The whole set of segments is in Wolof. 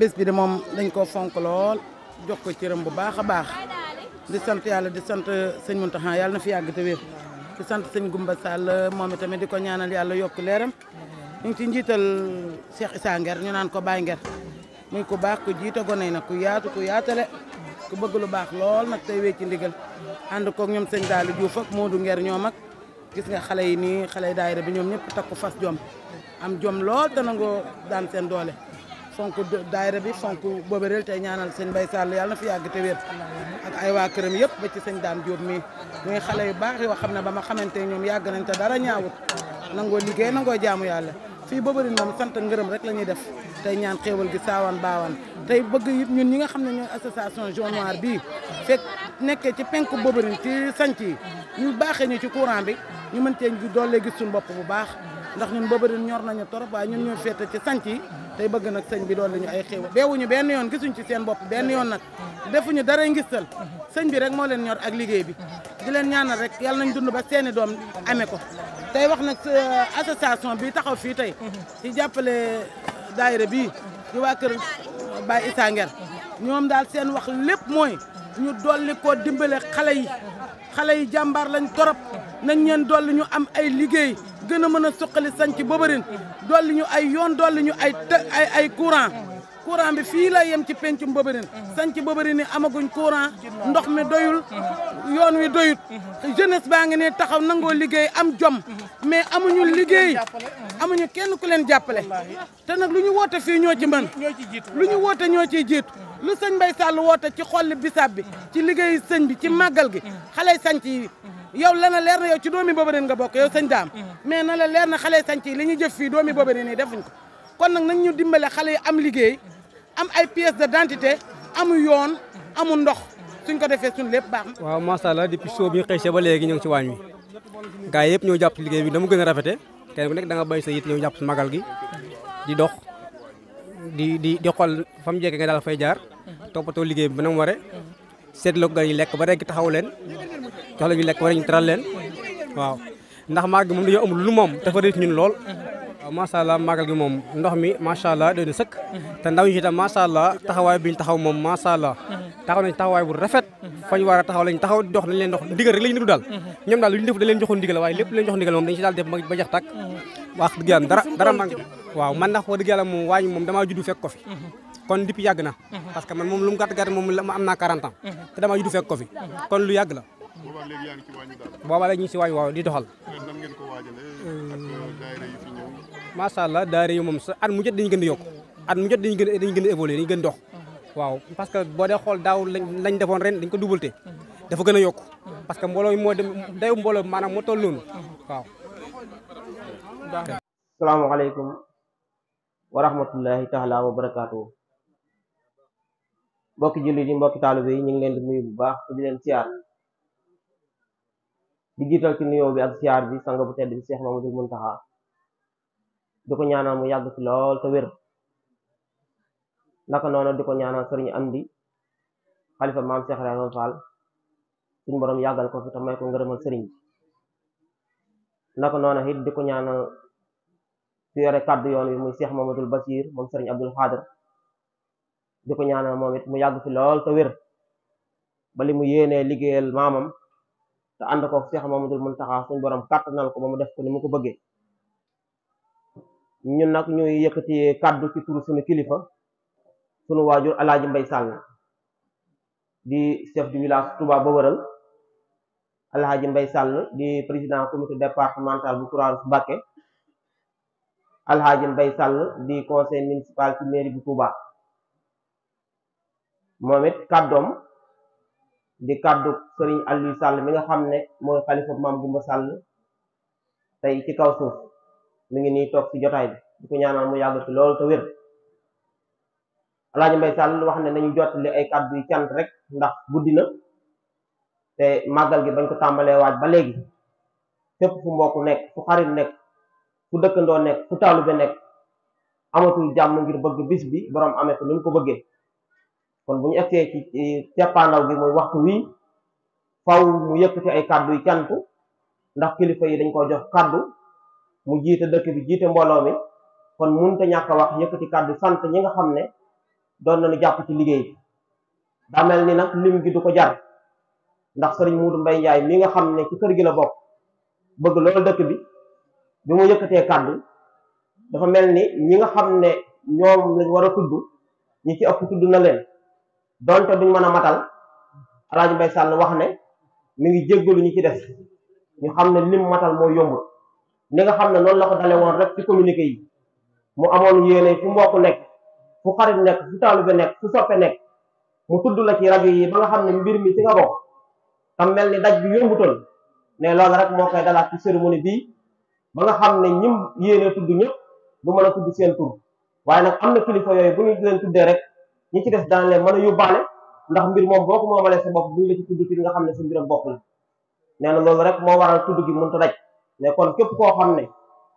bés bi de moom dañ koo fonk lool jox ko cëram bu baax a baax di sant yàlla di sant sëñ Muntaxa yàlla na fi yàgg te wér di sant sëñ Gumba Sall moom itamit di ko ñaanal yàlla yokk leeram ñu ci njiital Cheikh Issa Nger ñu naan ko Baye Nger muy ku baax ku jiite gone nag ku yaatu ku yaatale ku bëgg lu baax lool nag tey wéy ci ndigal ànd koog ñoom sëñ Daalu Diouf ak Modou Nger ñoo mag gis nga xale yi nii xale daayira bi ñoom ñëpp takku fas jom am jom lool daan seen doole fonk daayira bi fonk boobëreel tey ñaanal señ Mbaye Sall yàlla na fi yàgg te wér ay waa këram yëpp ba ci sëñ Dame Diop mii muy xale yu baax yoo xam ne ba ma xamante ñoom yàgg nañ te dara ñaawut nangoo liggéey nangoo jaamu yàlla fii boobëri moom sant ngërëm rek la ñuy def tey ñaan xéewal gi saawan baawan tey bëgg it ñun ñi nga xam ne ñooy association jaune bi bii fekk ci penk boobërin ci sanc yi ñu baaxee ñu ci courant bi ñu mën cee dollee gis suñ bopp bu baax ndax ñun boobu ren ñor nañu torop waaye ñun ñoo féete ci sanc yi tey bëgg nag sëñ bi doon lañu ay xéew ñu benn yoon gisuñ ci seen bopp benn yoon nag defuñu dara ngistal sëñ bi rek moo leen ñor ak liggéey bi di leen ñaanal rek yàlla nañ dund ba seeni doom amee ko tey wax nag euh, association bi taxaw fii tey ci jàppale daayira bii di waa kër Baye ñoom daal seen wax lépp mooy ñu dolli koo dimbale xale yi xale jàmbaar lañ torop nañ leen dolli ñu am ay liggéey gën a mën a suqali sanc Bobarine dolli ñu ay yoon dolli ñu ay ay ay courant courant bi fii la yem ci pencum Bobarine sanc Bobarine amaguñ courant ndox me doyul yoon wi doyut jeunesse baa ngi ne taxaw nangoo liggéey am jom mais amuñu liggéey amuñu kenn ku leen jàppale te nag lu ñu woote fii ñoo ci mën lu ñu woote ñoo ciy jiitu lu sëñ Mbay Sall woote ci xolli bisaab bi ci liggéey sëñ bi ci màggal gi xale sanc yi yow la leer na yow ci doomi Boobareen nga bokk yow sëñ daam mm-hmm. mais na la leer na xale sanc yi li ñuy jëf fii doomi Boobareen yi defuñ ko kon nag nañ ñu dimbale xale yi am liggéey mm-hmm. am ay pièces d'identité amu yoon mm-hmm. amu ndox suñ ko defee suñ lépp baax na waaw macha allah depuis soo bi ñu ba léegi ñu ngi ci waañ wi gars yëpp ñoo jàpp liggéey bi dama gën a rafete kenn ku nekk da nga bàyyi sa yit ñoo jàpp si magal gi di dox di di di xool fa mu jekk nga daal fay jaar toppatoo liggéey bi ba na mu seetloo nga ñu lekk ba rekk taxaw leen la ñu lekk ba rekk ñu taral leen waaw ndax màgg moom dañoo amul lu moom dafa riis ñun lool macha allah màggal gi moom ndox mi macha allah doy na sëkk te ndaw ñi itam macha allah taxawaay bi ñu taxaw moom macha allah taxaw nañ taxawaay bu rafet fañ war a taxaw lañ taxaw dox nañ leen dox ndigal rek lañu nidu daal ñoom daal lu ñu def dañ leen joxoon ndigal waaye lépp leen jox ndigal moom dañ si daal def ba jax tàkk wax dëgg dara dara waaw man ndax wax dëgg moom waañ moom kon depuis yàgg na mhm. parce que man moom lu mu gàtt gàtt moom am naa 40 mhm. te dama juddu fekk ko fi kon lu yàgg la boobaa léegi yaa ngi ci wàññi daal boobaa ñu ngi waaw di doxal nan ngeen ko waajalee ak euh, euh, moom sa at mu jot dañu gën di yokku at mu jot dañu gën dañu gën a évoluer gën dox mhm. waaw parce que boo dee xool daaw lañ defoon ren dañ ko dubalte dafa gën a yokku parce que mbooloo moo dayu mbooloo maanaam moo toll noonu waaw salaamaaleykum wa rahmatullahi taala mbokki jullit yi mbokki taalibe yi ñu ngi leen di nuyu bu baax leen siyaar di jiital ci bi ak siyaar bi sang bu tedd bi Cheikh Mamadou Muntaxa di ko mu yàgg fi lool te wér naka noonu di ko ñaanal sëriñ Amdi xalifa maam Cheikh Ibrahima Fall suñu borom yàggal ko fi ko ngërëmal sëriñ bi naka noonu it di ko ñaanal su yore kàddu yoon wi muy Cheikh Mamadou Basir moom sëriñ Abdul Xaadir di ko ñaanal moom it mu yàgg fi lool te wér ba mu yéenee liggéeyal maamam te ànd ko Seex Mamadul Muntaxa suñu borom kàttanal ko ba mu def ko ni mu ko bëggee ñun nag ñuy yëkkati kàddu ci turu suñu kilifa suñu waajur alaaji Mbay Sàll di chef du village Touba Bawëral alaaji Mbay Sàll di président comité départemental bu croix Mbàkke alaaji Mbay Sàll di conseil municipal ci mairie bu Touba moom it kàddoom di kàddu sëriñ Aliou Sall mi nga xam ne mooy xalifa maam Gumba Sall tey ci kaw suuf mi ngi nii toog ci jotaay bi di ko ñaanal mu yàgg ci loolu te wér Alaaji Mbay Sall wax ne nañu jottali ay kàddu yu cant rek ndax guddi na te màggal gi bañ ko tàmbalee waaj ba léegi fépp fu mbokk nekk fu xarit nekk fu dëkkandoo nekk fu taalube nekk amatul jàmm ngir bëgg bis bi boroom amee ko ni mu ko bëggee kon bu ñu egsee ci cappaandaw gi mooy waxtu wi faw mu yëkkati ay kàddu yu cant ndax kilifa yi dañ koo jox kàddu mu jiite dëkk bi jiite mbooloo mi kon mënut ñàkk wax yëkkati kàddu sant ñi nga xam ne doon nañu jàpp ci liggéey bi daa mel ni nag ko jar ndax sëriñ Muudu Mbay Njaay nga xam ne ci kër dëkk bi mu yëkkatee kàddu dafa mel ni ñi nga xam ne ñoom lañ war a tudd ñi ci ëpp tudd na leen donte duñ mën a matal alaaji Mbay Sàll wax ne mu ngi jéggalu ñu ci des ñu xam ne lim matal moo yombul ni nga xam ne noonu la ko dale woon rek ci communiqué yi mu amoon yéene fu mbokk nekk fu xarit nekk fu taalibe nekk fu soppe nekk mu tudd la ci rajo yi ba nga xam ne mbir mi ci nga bokk tam mel ni daj bi yombutoon ne loolu rek moo koy dalaat ci cérémonie bii ba nga xam ne ñim yéene tudd ñëpp du mën a tudd seen tur waaye nag am na kilifa yooyu bu ñi ci des daan leen mën a yóbbaale ndax mbir moom boo ko moomalee sa bopp buñ la ci tudd ci nga xam ne si mbiram bopp la nee na loolu rek moo a tudd gi mënta daj mais kon képp koo xam ne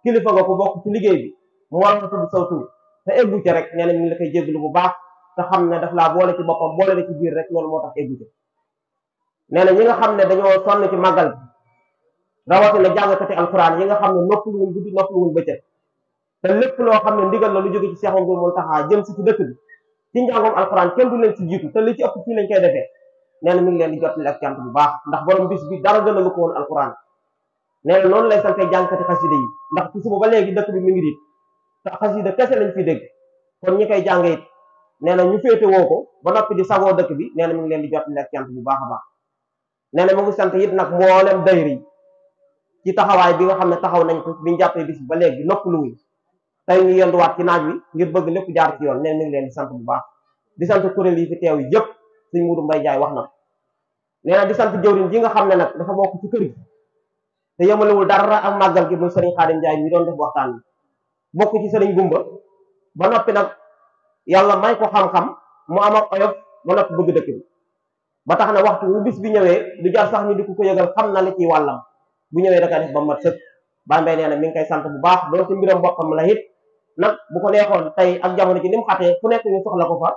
kilifa nga ko bokk ci liggéey bi mu war nga tudd saw tur te eggu ca rek nee na ñu la bu baax te xam ne daf laa boole ci boppam boole ci biir rek loolu moo tax eggu ca nga xam ne dañoo sonn ci màggal bi rawatina jàngkati alquran yi nga xam ne noppalu wuñ guddi noppalu wuñ bëccëg te lépp loo xam ne ndigal la lu jóge ci Seex Abdul Muntaxa jëm si ci dëkk bi ci njàngoom alxuraan kenn du leen ci jiitu te li ci ëpp fii lañ koy defee nee na mi ngi leen di jottali ak bu baax ndax borom bis bi dara gën a ko woon alxuraan nee na noonu lay sante jàngkati xasida yi ndax ci suba ba léegi dëkk bi mi ngi dit te xasida kese lañ fi dégg kon ñi koy jàng it nee na ñu féete woo ko ba noppi di sagoo dëkk bi nee na mi ngi leen di jottali ak bu baax a baax nee na mu ngi sant it nag leen mboolem dayri ci taxawaay bi nga xam ne taxaw nañ ko biñu jàppee bis bi ba léegi noppaluwuñ tey ñu yenduwaat ci naaj wi ngir bëgg lépp jaar ci yoon neen mi leen di sant bu baax di sant kuréel yi fi teew yëpp suñ Mudu Mbay Jaay wax na nee na di sant jëwriñ ji nga xam ne nag dafa bokk ci kër gi te yemalewul dara ak màggal gi muy sëriñ Xaadim Jaay ñu doon def waxtaan bi bokk ci sëriñ Gumba ba noppi nag yàlla may ko xam-xam mu am ak oyof ba noppi bëgg dëkk bi ba tax na waxtu wu bis bi ñëwee du jar sax ñu di ko ko yëgal xam na li ciy wàllam bu ñëwee da ka def ba mat sëkk Bambey nee na mi ngi sant bu baax doo ci mbiram boppam la it nag bu ko neexoon tey ak jamono ji ni mu xatee ku nekk ñu soxla ko fa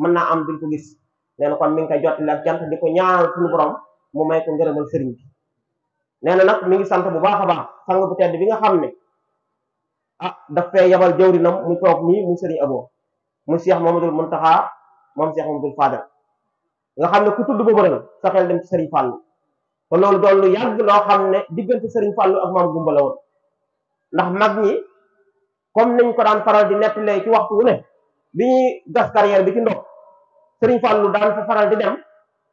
mën naa am duñ ko gis nee na kon koy jottali ak ko ñaanal suñu borom mu may ko ngërëmal sëriñ bi nee na nag mi ngi sant bu baax a baax sang bu tedd bi nga xam ne ah daf fee yabal jëwrinam mu toog nii mu sëriñ aboo mu mu Cheikh Mamadou taxaa moom Cheikh Mamadou Fadal nga xam ne ku tudd ba bëral sa xel dem ci sëriñ Fàllu te loolu doon lu yàgg loo xam ne diggante Serigne Fallou ak Maam Gumba la woon ndax mag ñi comme niñ ko daan faral di nettalee ci waxtu wu ne bi ñuy gas carrière bi ci ndox Serigne Fallou daan fa faral di dem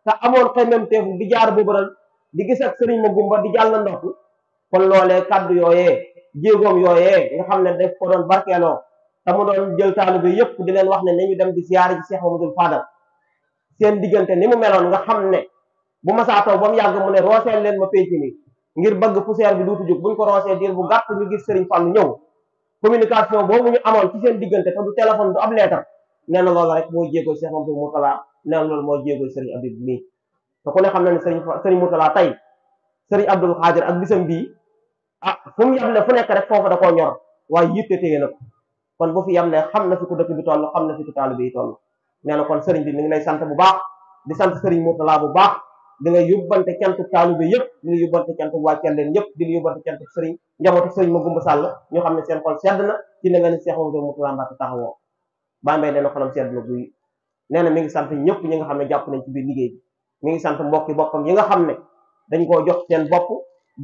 te amoon xemem teefu di jaar bëbëral di gis ak Serigne ma Gumba di jàll ndox kon loolee kaddu yooyee jéegoom yooyee nga xam ne daf ko doon barkeeloo te mu doon jël bi yépp di leen wax ne nañu dem di siyaare ci Cheikh Mamadou Fadal seen bu masaa taw ba mu yàgg mu ne rooseel leen ma penc mi ngir bëgg poussière bi duutu jóg buñ ko roosee diir bu gàtt ñu gis Serigne Fallou ñëw communication boobu ñu amoon ci seen diggante te du téléphone du ab lettre nee na rek mooy jéego Cheikh Mamadou Mourtala lool moo loolu mooy jéego Serigne mii te ku ne xam na ne Serigne Serigne Mourtala tey Serigne Abdoul Khadir ak bisam bii ah fu mu ne fu nekk rek foofu da koo ñor waaye yitte téye na kon bu fi yem ne xam na fi ko dëkk bi toll xam na fi ko taalibe yi toll kon Serigne bi mi ngi sant bu baax di sant Serigne Mourtala bu baax. dina yóbbante cantu taalibe yëpp dina yóbbante cantu wàcceel leen yëpp dina yóbbante cantu sëriñ njabootu sëriñ ma gumba sàll ñoo xam ne seen xol sedd na ci ne nga ni Seex xam ne jàpp nañ ci biir liggéey mi ngi sant mbokki boppam yi nga xam ne dañ koo jox seen bopp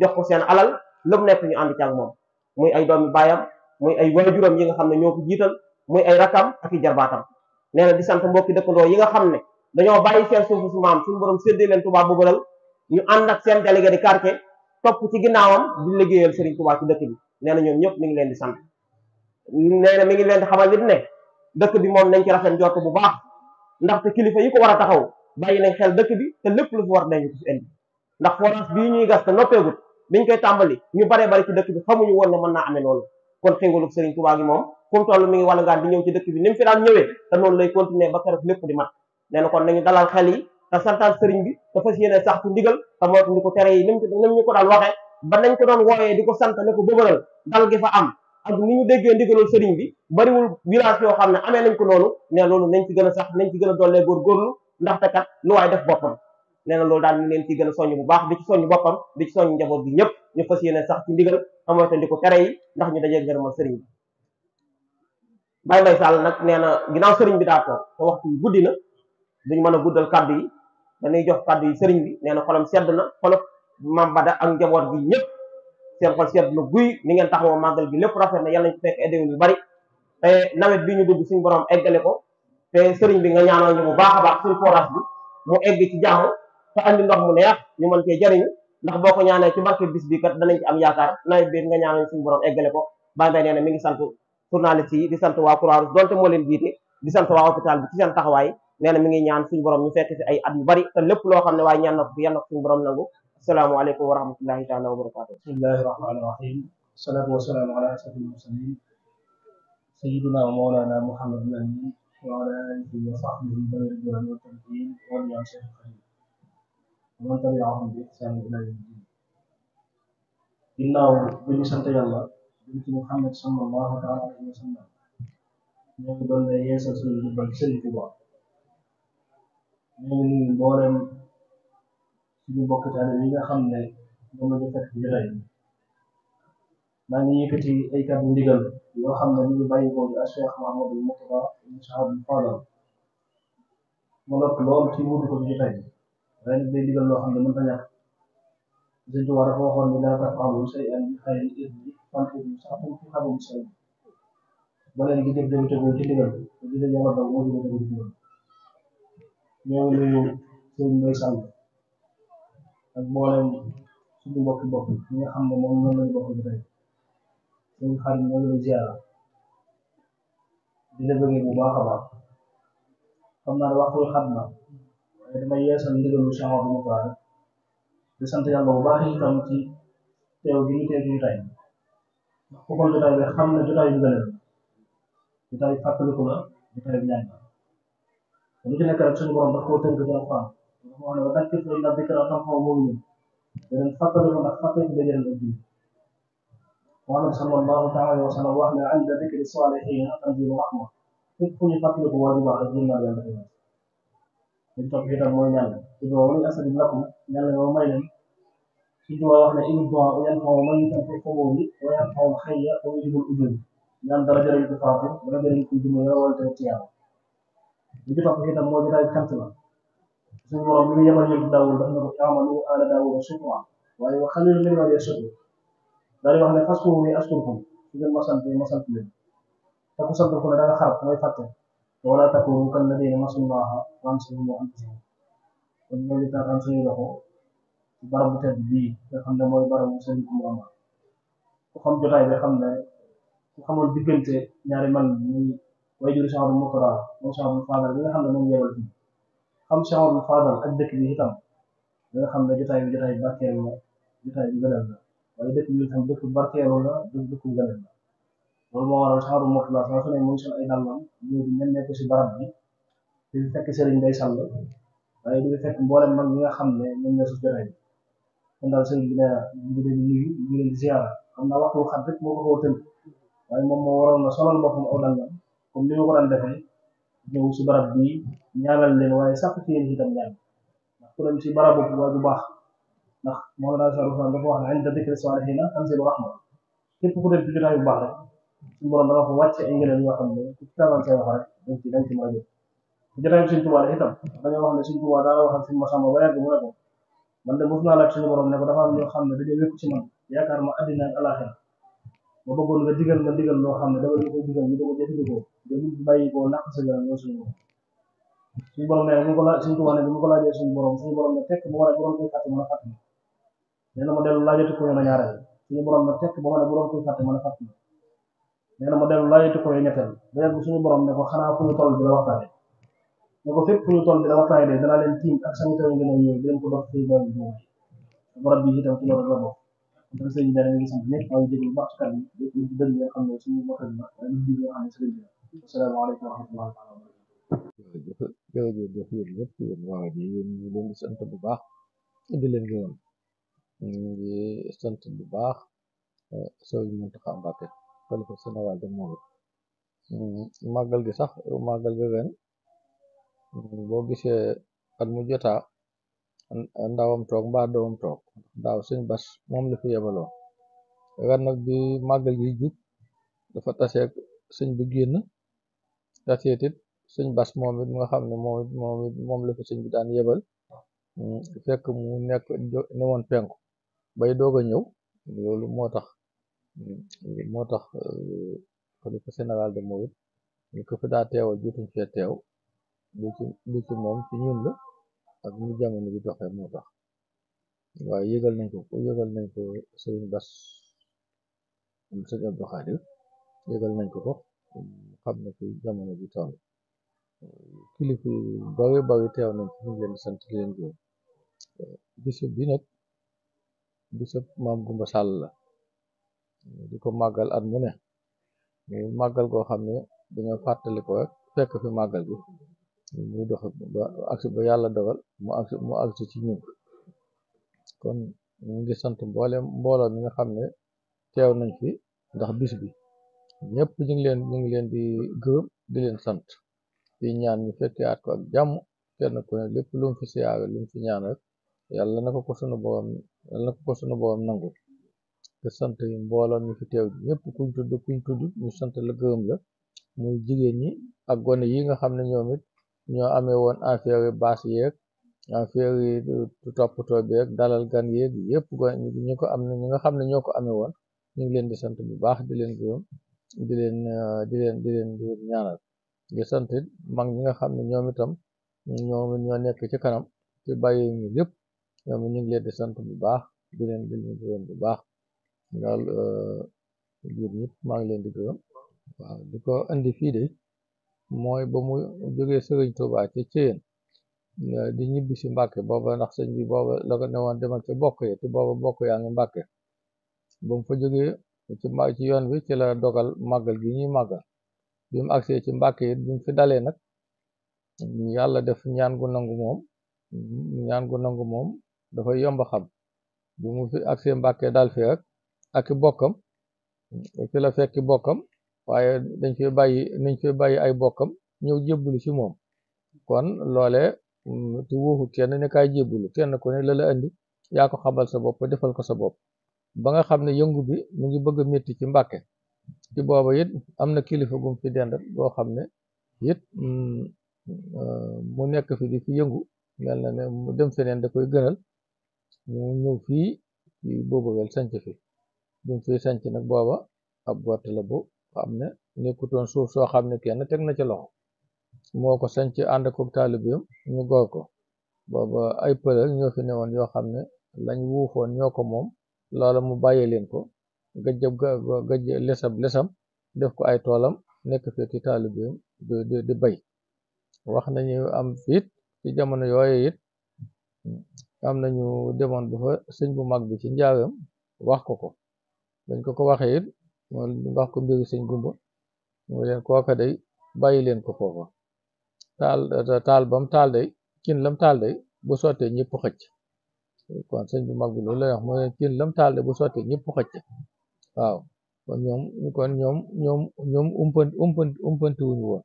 jox ko seen alal lu mu nekk ñu ànd ci ak moom muy ay doomi baayam muy ay waajuram yi nga xam ne ñoo ko jiital muy ay rakam ak i jarbaatam nee di sant mbokki dëkkandoo yi nga xam ne dañoo bàyyi seen suufu su maam suñu borom séddee leen Touba Bogoral ñu ànd ak seen délégué de quartier topp ci ginnaawam di liggéeyal Serigne Touba ci dëkk bi ñëpp mi ngi leen di sant nee na ngi leen di xamal nit ne dëkk bi moom nañ ci rafet njort bu baax ndax ndaxte kilifa yi ko war a taxaw bàyyi nañ xel dëkk bi te lépp lu fi war dañu ko fi indi ndax forage bii ñuy gas te noppeegut biñ koy tàmbali ñu baree bari ci dëkk bi xamuñu woon ne mën naa amee loolu kon xéngalu Serigne Touba gi moom fu mu toll mi ngi wàllangaan di bi ni mu lay continuer ba nee na kon nañu dalal xel yi te santaat sëriñ bi te fas sax ci ndigal te moo ko yi nim ñu ko daan ba nañ di ko sant ne ko bëbëral dal gi fa am ak ni ñu déggee ndigalul sëriñ bi bariwul village yoo xam ne amee nañ ko noonu ne loolu nañ ci gën a sax nañ ci gën a dollee góorgóorlu ndaxte kat lu waay def boppam nee na loolu daal ñu leen ci gën a soññ bu baax di ci boppam di ci soññ bi ñëpp ñu fas yéene sax ci ndigal amoote di ko tere yi ndax ñu dajee ngërëmal sëriñ bi Baye Mbaye Sall nag nee na ginnaaw sëriñ bi daa toog te waxtu guddi na duñ mën a guddal kàddu yi dañuy jox kàddu yi sëriñ bi nee na xolam sedd na xolop Mame Bada ak njaboot gi ñëpp seen xol sedd na guy ni ngeen taxawoo màggal gi lépp rafet na yàlla nañ ko fekk ay déwén yu ñu dugg suñu borom eggale ko te sëriñ bi nga ñaanal bu baax baax suñu forage bi mu ci jàmm te mu neex ñu mën cee ndax boo ko ñaanee ci barke bis bi am yaakaar nawet bi nga ñaanal ko Baye Mbaye nee ngi sant journaliste yi di sant waa Croix-Rouge donte moo leen jiite di sant waa hôpital bi ci seen taxawaay nee na mi ngi ñaan suñu borom ñu fekk fi ay at yu bari te lépp loo xam ne waaye ñaan na ko fi yàlla na ko suñu borom nangu asalaamaaleykum wa rahmatullahi taala wa barakatu bismillahi rahmaani rahim wasalaatu wasalaamu ala asrafil mursalin sayidina wa mawlana muhammadin amin wa ala alihi wa sahbihi baridwan wa tabiin wa man tabi'ahum bi ihsan ila yawmi din ginnaaw bi ñu sant yàlla duñ ci muhammad sallallahu taala alayhi wa sallam ñoo ngi doon yeesal suñu gubbal sëriñ Tuubaa ñu ngi nuyu mboolem suñu mbokk taalibe yi nga xam ne moom la ñu fekk ci jotaay bi maa ngi yëkkati ay kàddu ndigal yoo xam ne ñu ngi bàyyi ko ci Cheikh Mouhamadou Moustapha ibn Abdoul Fadal mu noppi lool ci wutu ko ci jotaay bi waaye nag day ndigal loo xam ne mënta ñàkk sëñ Tuubaa dafa waxoon ne laa taf'aluu shay'an bi ghayri idni fa'l-idnu sa'atun fi hablil muslimin ba leen gi jëf dañu tegul ci ndigal te dina yàlla daw moo dina tegul ci ndigal ñoom sëñ Mbaye Sall ak mboolem suñu mbokku bopp ñi nga xam ne moom ñoo leen bokk tey sëñ xarit ñoo leen ziar di la bëggee bu baax a baax xam naa waxtu xam na waaye dama yeesal ndigalu sama bu mu baax di sant yàlla bu baax itam ci teew gi ñu teew ñu tey ndax ku xool jotaay bi xam ne jotaay bi gën a jotaay fàttaliku la jotaay bi ñaan lu ci nekk rek suñu borom daf koo tënk ci alxuraan dafa wax ne wa dakkir fa inna dikra tanfa'u mu'minin daneen fàttaliku ndax fàttaliku da jëriñ ak jullit Muhammad sallallahu taala wa sallam wax ne inda dikri saalihiin tanzilu rahma fépp fu ñu fàttaliku waa ju baax rek jëriñ naa yàlla dafa ñaan li topp itam mooy ñaan ci boobu muy asali lakum ñaan la may leen suñu tubaab wax ne in du'a yanfa'u man fi quburi wa yanfa'u al-hayya wa yujibul ujub ñaan dara jëriñ ko faatu dara jëriñ ko jumla wala tey tiyaaba li ci topp itam moo jotaay cant la suñu borom bi ñu yemal daawul daf na amalu ala daawul shukran waaye askurkum su ngeen ma sant ma sant leen te ku sant ku ne da nga xaar mooy fàtte wala takunu kalladina masullaha wa ansahum anfusahum kon ñoo barab bu tedd bii nga barab bu sëriñ mu am ku xam jotaay bi xam ne ñaari man muy way jur Cheikh Abdou Mokhtar moom Cheikh Abdou Fadal bi nga xam ne moom yebal fii xam Cheikh Abdou Fadal ak dëkk bi itam da nga xam ne jotaay bi jotaay bi barkeelu la jotaay bi gënal la waaye dëkk bi itam dëkk barkeelu la dëkk dëkk gënal la loolu moo waral Cheikh Abdou Mokhtar saa su ne mu ngi sol ay dàllam ñëw di nemmeeku si barab bi di fekk sëriñ day sàll waaye di fekk mboolem mag ñi nga xam ne ñoom ñoo si jotaay bi kon daal sëriñ bi nee na ñu ngi leen di nuyu ñu ngi leen di ziara xam naa waxtu xat rek moo ko xaw a tënk waaye moom moo waroon na solal boppam aw dàll comme ni ma ko daan defee ñëw si barab bi ñaanal leen waaye sàkk ci yéen la ñaan ndax ku dem si barab bu baax ndax moom daal saa rufaan dafa wax ne inda dikri saalihiina tanzilu rahma képp ku dem ci jotaay bu baax rek suñu borom dana fa wàcce ay ngëneel yoo xam ne ku ci tàllal say wax rek dañ ci dañ ci mën a jot jotaay bi suñ tubaa daa waxal suñ masamba ba yàgg mu man de mos naa laaj suñu borom ne ko dafa am xam ne dañoo wékku ci man yaakaar ma àddina ak ma bëggoon nga digal ma digal loo xam ne dama ñu koy digal ñu di ko jëfandikoo dañu bàyyi ko làq sa yaram yow suñu borom suñu borom ne mu ko laaj suñu tubaab ne mu ko laajee suñu borom suñu borom ne tekk bu ma ne borom koy fàtte mën a fàtte nee na ma dellu laajati ko yoon a ñaareel suñu borom ne tekk bu ma ne borom koy fàtte mën a fàtte nee na ma dellu laajati ko yoon ñetteel ba yàgg suñu borom ne ko xanaa fu ñu toll bi la waxtaane ne ko fépp fu ñu toll bi la waxtaane de danaa leen tiim ak sama taw ngeen yooyu di leen ko dox fii bàyyi borom bi itam ci loolu la bokk dama sëñ bi daanaka gis nañ baax ci kàddu gi di dégg nga xam ne suñu mbokk yi la wala ñu dégg nga xam ne sant bu baax di sant bu baax Sëriñ eh, Mountakha Mbacké xalifa général mm-hmm. gi sax màggal gi ren boo gisee at mu jotaa ndawam toog mbaa doomam toog daaw sëñ bas moom la fi yebaloo ren nag bi màggal gi jub dafa taseeg sëñ bi génn taseet it sëñ bas moom it nga xam ne moom it moom la fi sëñ bi daan yebal mm, fekk mu nekk ne woon bay doog a ñëw loolu moo tax mm, moo tax euh, xalifa général de Mouride ñu fi daa teewal jotuñ fee teew du ci du ci moom ci ñun la ak nu jamono bi doxe moo tax waaye yëgal nañ ko ko yëgal nañ ko Sëriñ Bass am Sëriñ Abdou Khadir nañ ko ko xam na fi jamono bi toll kilifa yu bari bari teew nañ fi ñu leen sant leen gërëm bisub bi nag bisub Maam Gumba Sàll la di ko màggal at mu ne muy màggal goo xam ne dañoo fàttali ko rek fekk fi màggal bi muy dox ba agsi ba yàlla dogal mu agsi mu agsi ci ñun kon ñu ngi sant mboole mbooloo mi nga xam ne teew nañ fi ndax bis bi ñëpp ñu leen ñu ngi leen di gërëm di leen sant di ñaan ñu fekke at ko ak jàmm kenn ko ne lépp lu mu fi siyaaga lu mu fi ñaan rek yàlla na ko ko sunu borom yàlla na ko nangu te sant yi mbooloo ñu fi teew ñëpp kuñ tudd kuñ tudd ñu sant la gërëm la muy jigéen ñi ak gone yi nga xam ne ñoom ñoo ame woon afeeri baas yeeg afeeri toppto beeg dalal gan yeeg yépp ñu ko amna ñu nga xam na ñoo ko ame woon ñing leen di sant bu baax dileen gërëm dileen dileen dileen ñaanal di santit mag ñi nga xam na ñoomitam ñoomi ñoo nekk ci kanam ci bàyyi ñu lépp ñing leen di sant bu baax dileen leen gërëm bu baax daal euh, maa ngi leen di gërëm waaw di ko mooy ba mu jógee sëriñ Tuuba ci Ceen di ñibbi si Mbàkke booba ndax sëñ bi booba la ko ne woon demal ci bokk yi te booba bokk yaa ngi Mbàkke ba mu fa jógee ci ci yoon ci la dogal màggal gi ñuy màggal bi mu agsee ci Mbàkke it bi mu fi dalee nag yàlla def ñaan gu nangu moom ñaan gu nangu moom dafay yomb xam bi mu fi agsee Mbàkke daal fi ak ak bokkam fi la fekki bokkam waaye dañ fee bàyyi nañ fee bàyyi ay bokkam ñëw jébbalu ci moom kon loole mm, te wóoxu kenn ne kaay jébbalu kenn ku ne la andi yaa ko xamal sa bopp defal ko sa bopp ba nga xam ne yëngu bi mu ngi bëgg a ci mbàkke ci booba it am na kilifa gum fi dendal boo xam ne it mm, euh, mu nekk fi di fi yëngu mel na ne mu dem senen da koy gënal mu ñëw fii ci boobawel sanc fi bi mu fiy nag booba ab gott la bu xam ne nekkutoon suuf soo xam ne kenn teg na ci loxo moo ko sanc ànd ko taalibeem ñu goor ko booba ay pëlal ñoo fi newoon yoo xam ne lañ wuufoon ñoo ko moom loola mu bàyyee leen ko gëjjab gëj lesam lesam def ko ay toolam nekk fii ci taalibeem di di bay wax nañu am fiit ci jamono yooyu it am nañu demoon ba fa sëñ bu mag bi ci njaaweem wax ko ko dañ ko ko waxee it wax ko mbiri sëñ gumba mu leen kooka day bàyyi leen ko foofa taal euh, taal bam taal day kin lam taal day bu sottee ñëpp xëcc kon sëñ bu mag bi loolu la wax mu leen kin lam taal day bu sottee ñëpp xëcc waaw kon ñoom kon ñoom ñoom umpan umpan umpanti wuñu woon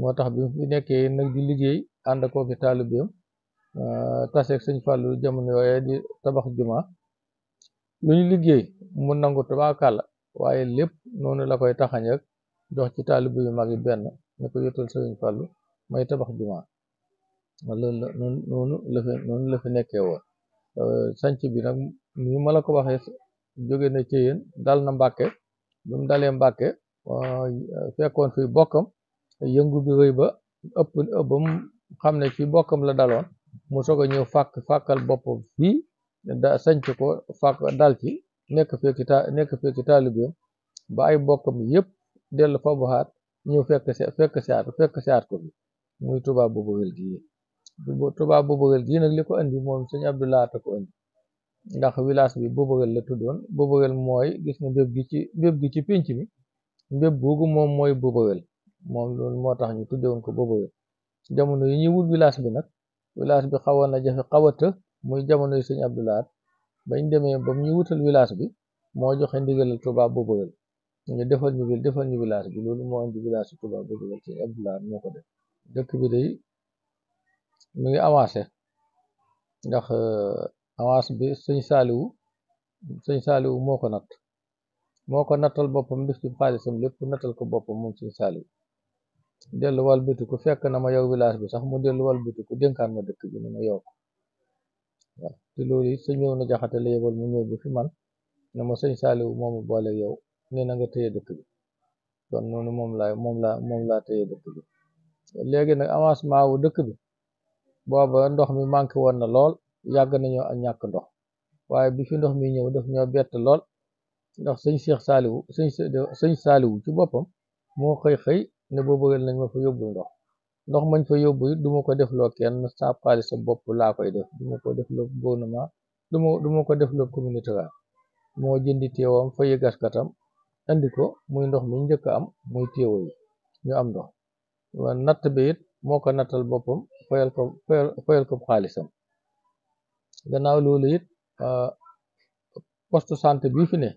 moo tax bi fi nekkee nag di liggéey ànd ak kooki taalibeem euh, taseeg sëñ Fallou jamono di waaye lépp noonu la koy taxañ rek jox ci taalibe yu mag yi benn ne ko yottal sëriñ fàllu may tabax jumaa loolu la noonu la fi noonu la fi nekkee woon euh, sanc bi nag ni ma la ko waxee jóge na ci yéen dal na Mbàkke bi mu dalee fi bokkam yëngu bi rëy ba ëpp mu xam ne ci bokkam la daloon mu soog a ñëw fàkk fàkkal bopp fii da sanc ko fàkk dal ci nekk fekki ta nekk fekki taalibeem ba ay mbokkam yépp dellu fa baxaat ñëw fekk fekk saat fekk saat ko bi muy tubaab bu bëggal gii tubaab bu bëggal gii nag li ko indi moom sëñ Abdou ko indi ndax village bi bu bëggal la tuddoon bu mooy gis na béb gi ci béb gi ci pénc mi béb googu moom mooy bu moom loolu moo tax ñu tuddewoon ko bu bëggal jamono yi ñuy wut village bi nag village bi xawoon na jafe xawata muy jamono yi sëñ Abdou bañ demee ba ñu wutal village bi moo joxe ndigalal Touba Boboguel ñu defal ñu vil defal ñu village bi loolu moo indi village bi Touba Boboguel ci laar moo ko def dëkk bi de mu ngi avancé ndax euh, avance bi sëñ saaliwu sëñ saaliwu moo ko natt moo ko nattal boppam def ci xaalisam lépp nattal ko boppam moom sëñ saaliwu dellu wal ku fekk na ma yow village bi sax mu dellu wal bitiku dénkaan ma dëkk bi ne ma yow waaw te loolu it sëñ Maodo Jaxate mu ñëw bu fi man na ma sëñ Saaliw moomu boole yow nee na nga téye dëkk bi kon noonu moom laa moom laa moom laa téye dëkk léegi nag avancement wu dëkk booba ndox mi manqué woon na lool yàgg nañoo ak ñàkk ndox waaye bi fi ndox mi ñëw daf ñoo bett lool ndax sëñ Cheikh Saaliw sëñ sëñ Saaliw ci boppam moo xëy xëy ne boo bëggal nañ ma fa yóbbul ndox ndox mañ fa yóbbu duma ko defloo kenn sa xaalis sa bopp laa koy def duma ko defloo gouvernement duma duma ko defloo communauté la moo jëndi téewam fa yëgaskatam andi ko muy ndox mu njëkk am muy téewa yi ñu am ndox natt bi it moo ko nattal boppam fayal ko fayal ko xaalisam gannaaw loolu it ah, poste santé bii fi ne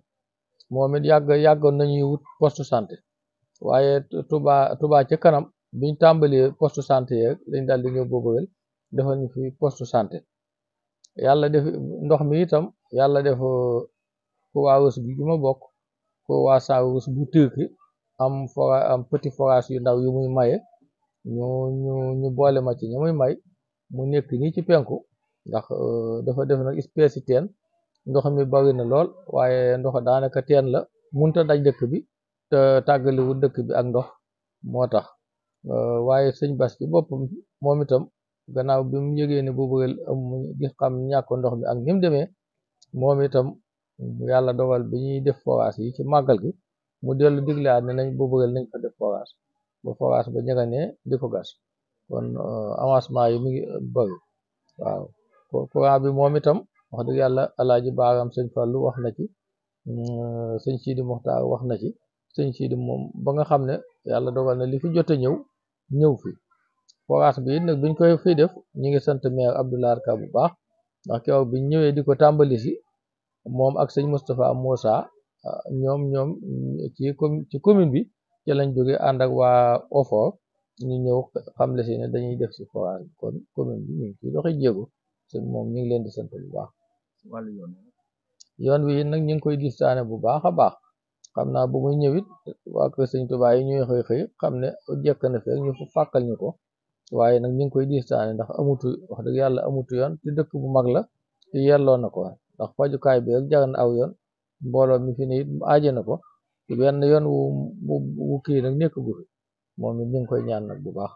moo it yàgg yàggoon nañu wut poste santé waaye Touba Touba biñ tàmbali poste santé yeeg lañ daal di ñëw yàlla def ndox mi itam yàlla def ko uh, waa wës bi ju bokk ko waa saa bu tëkki am fora petit forage yu ndaw yu muy maye ñu ñu ñu ma ci ñu muy may mu nekk nii ci penku ndax uh, dafa def nag espèce yi teen ndox mi bari na lool waaye ndox daanaka teen la munta daj dëkk bi te dëkk bi ak ndox moo tax Euh, waaye sëñ bas ci boppam moom itam gannaaw bi mu yëgee bu bëggal gi xam ñàkk ndox mi ak ni mu demee moom itam yàlla dogal bi ñuy def forage yi ci màggal gi mu dellu diglaat ne nañ bu bëggal nañ fa def forage ba forage ba ñëga ne gas kon euh, avancement yi mu ngi waaw courant bi moom itam wax dëgg yàlla alaaji baaraam sëñ Fallu wax na ci euh, sëñ Sidi Muxtaar wax na ci sëñ Sidi moom ba nga xam ne yàlla dogal na li fi jot ñëw ñëw fi forage bi it nag biñ koy fii def ñi ngi sant maire Abdoulaye Ka bu baax ndax keroog biñ ñëwee di ko tàmbali si moom ak sëñ Moustapha Moussa ñoom ñoom ci ci commune bi ci lañ jóge ànd ak waa OFOR ñu ñëw xamle si ne dañuy def si forage bi kon commune bi ñu ngi doxe jéego seen moom ñu leen di sant bu baax yoon wi nag ñu ngi koy gistaane bu baax a baax xam naa bu muy ñëwit waa kër sëñ Tuubaa yi ñuy xëy xëy xam ne jekk na fi ñu fàkkal ñu ko waaye nag ñu ngi koy diistaane ndax amutu wax dëgg yàlla amutu yoon te dëkk bu mag la te yelloo na ko ndax fajukaay bi rek jar na aw yoon mbooloo mi fi ne it aaje na ko te benn yoon wu wu nag nekk gu fi moom it ñu ngi koy ñaan nag bu baax